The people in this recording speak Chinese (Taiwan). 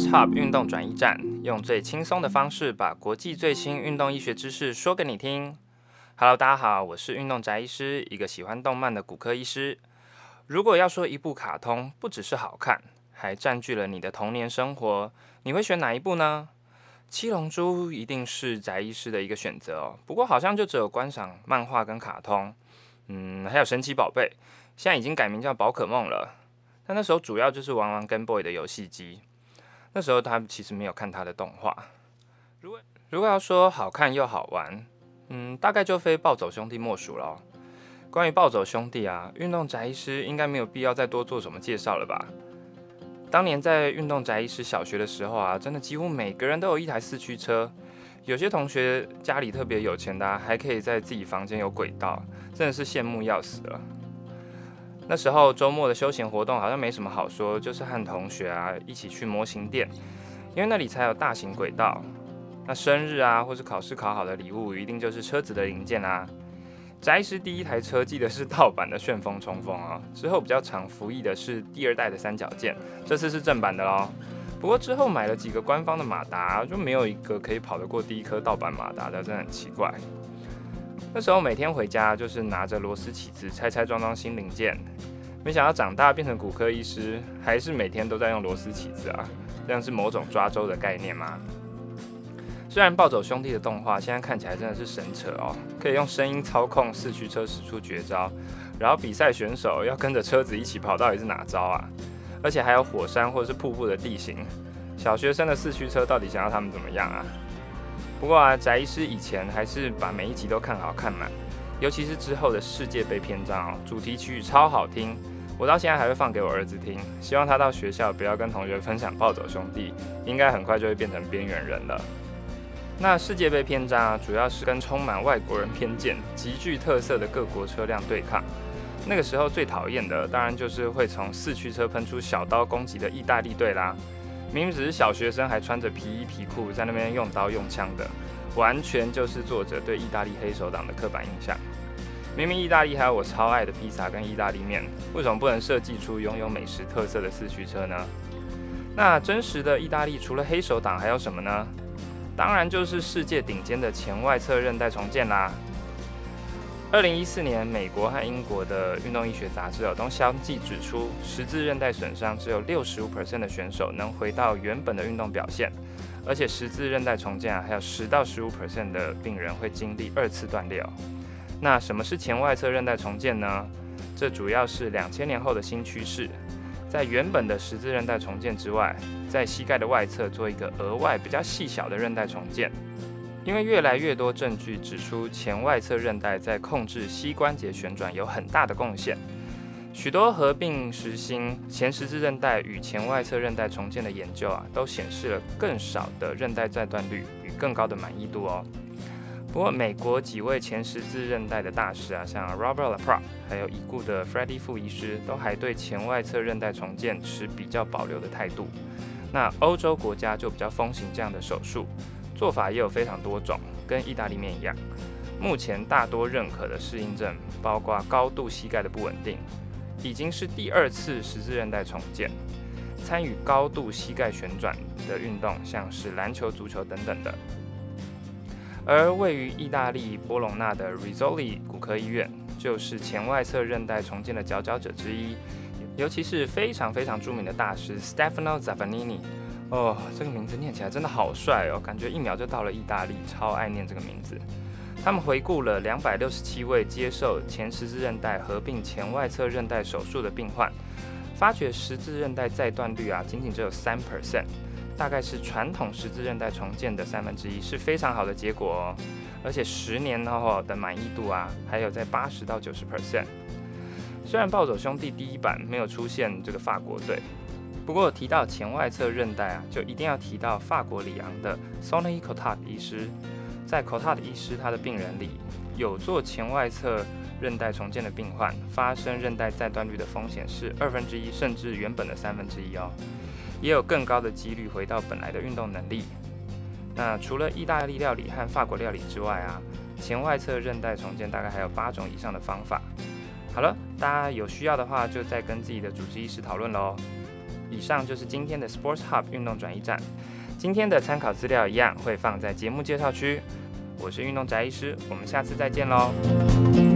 運動轉移站用最輕鬆的方式把國際最新運動醫學知識說給你聽。Hello，大家好，我是運動宅醫師，一個喜歡動漫的骨科醫師。如果要說一部卡通不只是好看，還佔據了你的童年生活，你會選哪一部呢？七龍珠一定是宅醫師的一個選擇哦。不過好像就只有觀賞漫畫跟卡通，嗯，還有神奇寶貝，現在已經改名叫寶可夢了。但那時候主要就是玩玩 Game Boy 的遊戲機。那時候他其實沒有看他的動畫，如果如果要說好看又好玩，嗯，大概就非爆走兄弟莫屬了。關於爆走兄弟啊，運動宅醫師應該沒有必要再多做什麼介紹了吧？當年在運動宅醫師小學的時候啊，真的幾乎每個人都有一台四驅車，有些同學家裡特別有錢的啊，還可以在自己房間有軌道，真的是羨慕要死了。那時候周末的休閒活動好像沒什麼好說，就是和同學啊一起去模型店，因為那裡才有大型軌道。那生日啊或是考試考好的禮物，一定就是車子的零件啊。宅師第一台車記得是盜版的旋風衝鋒啊，之後比較常服役的是第二代的三角箭，這次是正版的咯。不過之後買了幾個官方的馬達，就沒有一個可以跑得過第一顆盜版馬達的，真的很奇怪。那時候每天回家就是拿着螺絲起子拆拆裝裝新零件，沒想到長大變成骨科醫師，還是每天都在用螺絲起子啊，這樣是某種抓周的概念嗎？雖然暴走兄弟的動畫現在看起來真的是神扯哦，可以用聲音操控四驅車使出絕招，然後比賽選手要跟着車子一起跑，到底是哪招啊？而且還有火山或者是瀑布的地形，小學生的四驅車到底想要他們怎麼樣啊？不過啊，宅醫師以前還是把每一集都看好看滿。尤其是之後的世界杯篇章哦，主題曲超好聽，我到現在還會放給我兒子聽，希望他到學校不要跟同學分享《爆走兄弟》，應該很快就會變成邊緣人了。那世界杯篇章啊，主要是跟充滿外國人偏見、極具特色的各國車輛對抗，那個時候最討厭的當然就是會從四驅車噴出小刀攻擊的意大利隊啦。明明只是小學生，還穿着皮衣皮褲在那邊用刀用槍的，完全就是作者對意大利黑手黨的刻板印象。明明意大利還有我超愛的披薩跟意大利麵，為什麼不能設計出擁有美食特色的四驅車呢？那真實的意大利除了黑手黨還有什麼呢？當然就是世界頂尖的前外側韌帶重建啦。二零一四年，美國和英國的運動醫學雜誌都相繼指出，十字韌帶損傷只有六十五 percent 的選手能回到原本的運動表現，而且十字韌帶重建、啊、還有十到十五 percent 的病人會經歷二次斷裂哦。那什麼是前外側韌帶重建呢？這主要是兩千年後的新趨勢，在原本的十字韌帶重建之外，在膝蓋的外側做一個額外比較細小的韌帶重建。因為越來越多證據指出，前外側韌帶在控制膝關節旋轉有很大的貢獻。許多合併實行前十字韌帶與前外側韌帶重建的研究啊，都顯示了更少的韌帶再斷率與更高的滿意度哦。不過，美國幾位前十字韌帶的大師啊，像 Robert LaPrade，還有已故的 Freddie 傅醫師，都還對前外側韌帶重建持比較保留的態度。那歐洲國家就比較風行這樣的手術。做法也有非常多種，跟意大利面一樣。目前大多認可的適應症包括高度膝蓋的不穩定，已經是第二次十字韌帶重建，參與高度膝蓋旋轉的運動，像是籃球、足球等等的。而位於意大利波隆那的 Rizzoli 骨科醫院，就是前外側韌帶重建的佼佼者之一，尤其是非常非常著名的大師 Stefano Zaffagnini 哦，這個名字念起來真的好帥哦，感覺一秒就到了意大利，超愛念這個名字。他們回顧了兩百六十七位接受前十字韌帶合併前外側韌帶手術的病患，發覺十字韌帶再斷率啊，僅僅只有三 percent，大概是傳統十字韌帶重建的三分之一，是非常好的結果哦。而且十年後的滿意度啊，還有在八十到九十 percent。雖然暴走兄弟第一版沒有出現這個法國隊。不過提到前外側韌帶啊，就一定要提到法國里昂的 Sonnery-Cottet 醫師。在 Sonnery-Cottet 醫師他的病人裡，有做前外側韌帶重建的病患，發生韌帶再斷率的風險是二分之一，甚至原本的三分之一哦。也有更高的幾率回到本來的運動能力。那除了意大利料理和法國料理之外啊，前外側韌帶重建大概還有八種以上的方法。好了，大家有需要的話，就再跟自己的主治醫師討論咯。以上就是今天的 Sports Hub 運動轉移站。今天的參考資料一樣會放在節目介紹區。我是運動宅醫師，我們下次再見嘍。